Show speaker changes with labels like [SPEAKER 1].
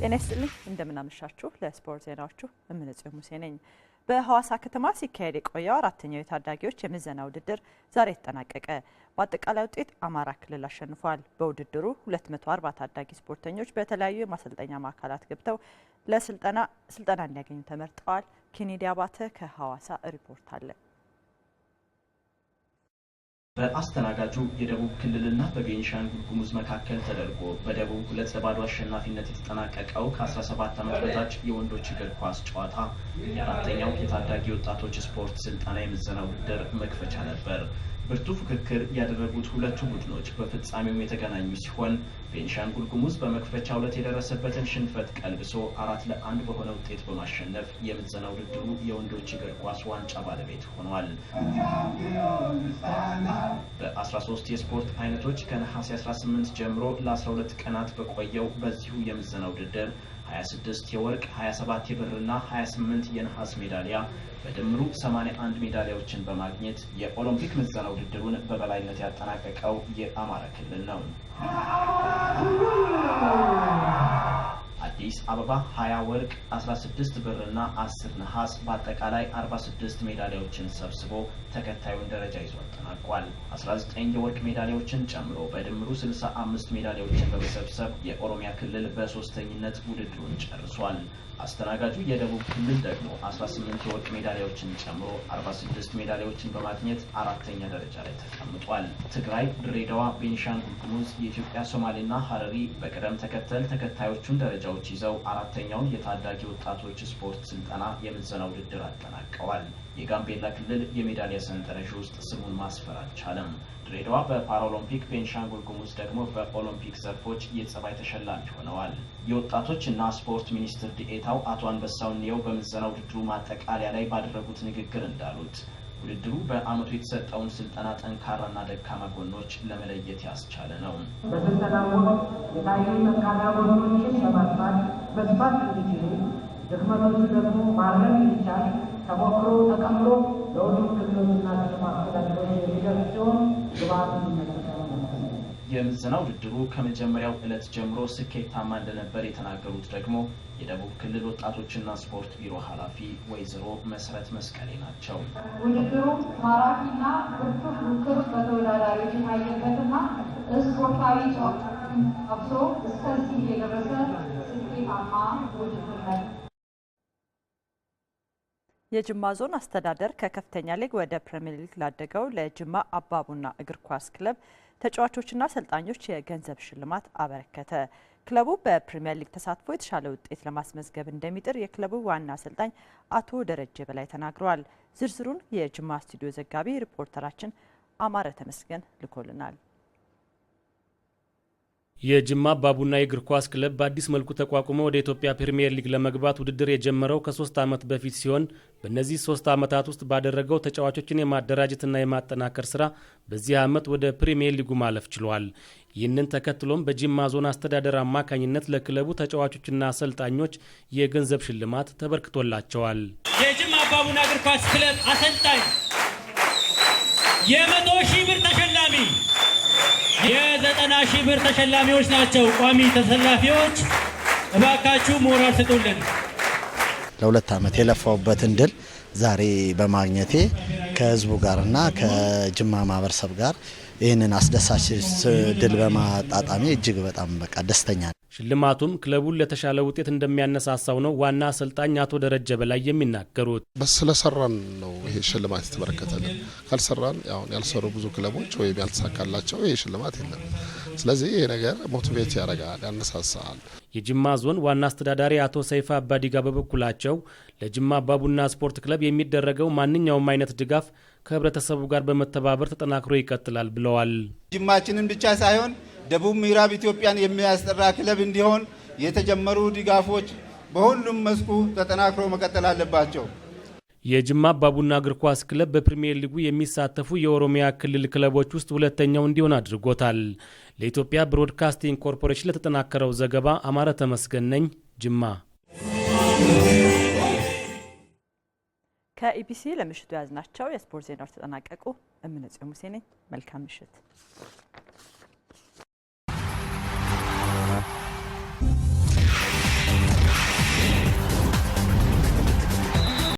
[SPEAKER 1] ጤና ይስጥልኝ እንደምናመሻችሁ። ለስፖርት ዜናዎቹ እምንጽሁ ሙሴ ነኝ። በሐዋሳ ከተማ ሲካሄድ የቆየው አራተኛው የታዳጊዎች የምዘና ውድድር ዛሬ ተጠናቀቀ። በአጠቃላይ ውጤት አማራ ክልል አሸንፏል። በውድድሩ 240 ታዳጊ ስፖርተኞች በተለያዩ የማሰልጠኛ ማዕከላት ገብተው ለስልጠና ስልጠና እንዲያገኙ ተመርጠዋል። ኬኔዲ አባተ ከሐዋሳ ሪፖርት አለ።
[SPEAKER 2] በአስተናጋጁ የደቡብ ክልልና በቤኒሻን ጉሙዝ መካከል ተደርጎ በደቡብ ሁለት ለባዶ አሸናፊነት የተጠናቀቀው ከ17 ዓመት በታች የወንዶች እግር ኳስ ጨዋታ የአራተኛው የታዳጊ ወጣቶች ስፖርት ስልጠና የምዘና ውድድር መክፈቻ ነበር። ብርቱ ፍክክር ያደረጉት ሁለቱ ቡድኖች በፍጻሜውም የተገናኙ ሲሆን ቤንሻንጉል ጉሙዝ በመክፈቻ ሁለት የደረሰበትን ሽንፈት ቀልብሶ አራት ለአንድ በሆነ ውጤት በማሸነፍ የምዘና ውድድሩ የወንዶች እግር ኳስ ዋንጫ ባለቤት ሆኗል። በ13 የስፖርት አይነቶች ከነሐሴ 18 ጀምሮ ለ12 ቀናት በቆየው በዚሁ የምዘና ውድድር 26 የወርቅ፣ 27 የብርና 28 የነሐስ ሜዳሊያ በድምሩ 81 ሜዳሊያዎችን በማግኘት የኦሎምፒክ ምዘና ውድድሩን በበላይነት ያጠናቀቀው የአማራ ክልል ነው። አዲስ አበባ 20 ወርቅ፣ 16 ብር እና 10 ነሐስ በአጠቃላይ 46 ሜዳሊያዎችን ሰብስቦ ተከታዩን ደረጃ ይዞ አጠናቋል። 19 የወርቅ ሜዳሊያዎችን ጨምሮ በድምሩ 65 ሜዳሊያዎችን በመሰብሰብ የኦሮሚያ ክልል በሶስተኝነት ውድድሩን ጨርሷል። አስተናጋጁ የደቡብ ክልል ደግሞ 18 የወርቅ ሜዳሊያዎችን ጨምሮ 46 ሜዳሊያዎችን በማግኘት አራተኛ ደረጃ ላይ ተቀምጧል። ትግራይ፣ ድሬዳዋ፣ ቤኒሻንጉል ጉሙዝ፣ የኢትዮጵያ ሶማሌና ሀረሪ በቅደም ተከተል ተከታዮቹን ደረጃዎች ሜዳሊያዎች ይዘው አራተኛውን የታዳጊ ወጣቶች ስፖርት ስልጠና የምዘና ውድድር አጠናቀዋል። የጋምቤላ ክልል የሜዳሊያ ሰንጠረዥ ውስጥ ስሙን ማስፈር አልቻለም። ድሬዳዋ በፓራኦሎምፒክ፣ ቤንሻንጉል ጉሙዝ ደግሞ በኦሎምፒክ ዘርፎች የጸባይ ተሸላሚ ሆነዋል። እና ስፖርት ሚኒስትር ዲኤታው አቶ አንበሳው ንየው በምዘና ውድድሩ ማጠቃለያ ላይ ባደረጉት ንግግር እንዳሉት ውድድሩ በዓመቱ የተሰጠውን ስልጠና ጠንካራና ደካማ ጎኖች ለመለየት ያስቻለ ነው።
[SPEAKER 3] በስልጠና ወቅት የታዩ ጠንካራ ጎኖችን ለማጥፋት በስፋት እንዲችሉ፣ ድክመቶቹ ደግሞ ማረም እንዲቻል ተሞክሮ ተቀምሮ ለሁሉም ክልሎችና ከተማ አስተዳደሮች የሚደርስ ሲሆን ግብዓት
[SPEAKER 2] የምዘና ውድድሩ ከመጀመሪያው እለት ጀምሮ ስኬታማ እንደነበር የተናገሩት ደግሞ የደቡብ ክልል ወጣቶችና ስፖርት ቢሮ ኃላፊ ወይዘሮ መሰረት መስቀሌ ናቸው።
[SPEAKER 3] ውድድሩ ማራኪና ብርቱ ምክር በተወዳዳሪዎች የታየበትና ስፖርታዊ ጨዋታ አብሶ እስከዚህ የደረሰ ስኬታማ ውድድር ነው።
[SPEAKER 1] የጅማ ዞን አስተዳደር ከከፍተኛ ሊግ ወደ ፕሪሚየር ሊግ ላደገው ለጅማ አባቡና እግር ኳስ ክለብ ተጫዋቾችና አሰልጣኞች የገንዘብ ሽልማት አበረከተ። ክለቡ በፕሪምየር ሊግ ተሳትፎ የተሻለ ውጤት ለማስመዝገብ እንደሚጥር የክለቡ ዋና አሰልጣኝ አቶ ደረጀ በላይ ተናግረዋል። ዝርዝሩን የጅማ ስቱዲዮ ዘጋቢ ሪፖርተራችን አማረ ተመስገን ልኮልናል።
[SPEAKER 4] የጅማ አባቡና የእግር ኳስ ክለብ በአዲስ መልኩ ተቋቁሞ ወደ ኢትዮጵያ ፕሪምየር ሊግ ለመግባት ውድድር የጀመረው ከሶስት ዓመት በፊት ሲሆን በእነዚህ ሶስት ዓመታት ውስጥ ባደረገው ተጫዋቾችን የማደራጀትና የማጠናከር ስራ በዚህ ዓመት ወደ ፕሪምየር ሊጉ ማለፍ ችሏል። ይህንን ተከትሎም በጅማ ዞን አስተዳደር አማካኝነት ለክለቡ ተጫዋቾችና አሰልጣኞች የገንዘብ ሽልማት ተበርክቶላቸዋል።
[SPEAKER 5] የጅማ አባቡና እግር ኳስ ክለብ አሰልጣኝ የመቶ ሺህ ብር ተሸላሚ የዘጠና ሺህ ብር ተሸላሚዎች ናቸው። ቋሚ ተሰላፊዎች እባካችሁ ሞራል ስጡልን።
[SPEAKER 6] ለሁለት ዓመት የለፋውበትን ድል ዛሬ በማግኘቴ ከህዝቡ ጋርና ከጅማ ማህበረሰብ ጋር ይህንን አስደሳች ድል በማጣጣሚ እጅግ በጣም በቃ ደስተኛ ነው።
[SPEAKER 4] ሽልማቱም ክለቡን ለተሻለ ውጤት እንደሚያነሳሳው ነው ዋና አሰልጣኝ አቶ ደረጀ በላይ የሚናገሩት።
[SPEAKER 7] ስለሰራን ነው ይሄ ሽልማት የተበረከተልን። ካልሰራን አሁን ያልሰሩ ብዙ ክለቦች ወይም ያልተሳካላቸው ይሄ ሽልማት የለም። ስለዚህ ይሄ ነገር ሞቲቬት ያደርጋል፣ ያነሳሳል።
[SPEAKER 4] የጅማ ዞን ዋና አስተዳዳሪ አቶ ሰይፋ አባዲጋ በበኩላቸው ለጅማ አባቡና ስፖርት ክለብ የሚደረገው ማንኛውም አይነት ድጋፍ ከህብረተሰቡ ጋር በመተባበር ተጠናክሮ ይቀጥላል ብለዋል።
[SPEAKER 8] ጅማችንን ብቻ ሳይሆን ደቡብ ምዕራብ ኢትዮጵያን የሚያስጠራ ክለብ እንዲሆን የተጀመሩ ድጋፎች በሁሉም መስኩ ተጠናክሮ መቀጠል አለባቸው።
[SPEAKER 4] የጅማ አባቡና እግር ኳስ ክለብ በፕሪምየር ሊጉ የሚሳተፉ የኦሮሚያ ክልል ክለቦች ውስጥ ሁለተኛው እንዲሆን አድርጎታል። ለኢትዮጵያ ብሮድካስቲንግ ኮርፖሬሽን ለተጠናከረው ዘገባ አማረ ተመስገን ነኝ፣ ጅማ።
[SPEAKER 1] ከኢቢሲ ለምሽቱ የያዝናቸው የስፖርት ዜናዎች ተጠናቀቁ። እምነጽዮን ሙሴ ነኝ። መልካም ምሽት።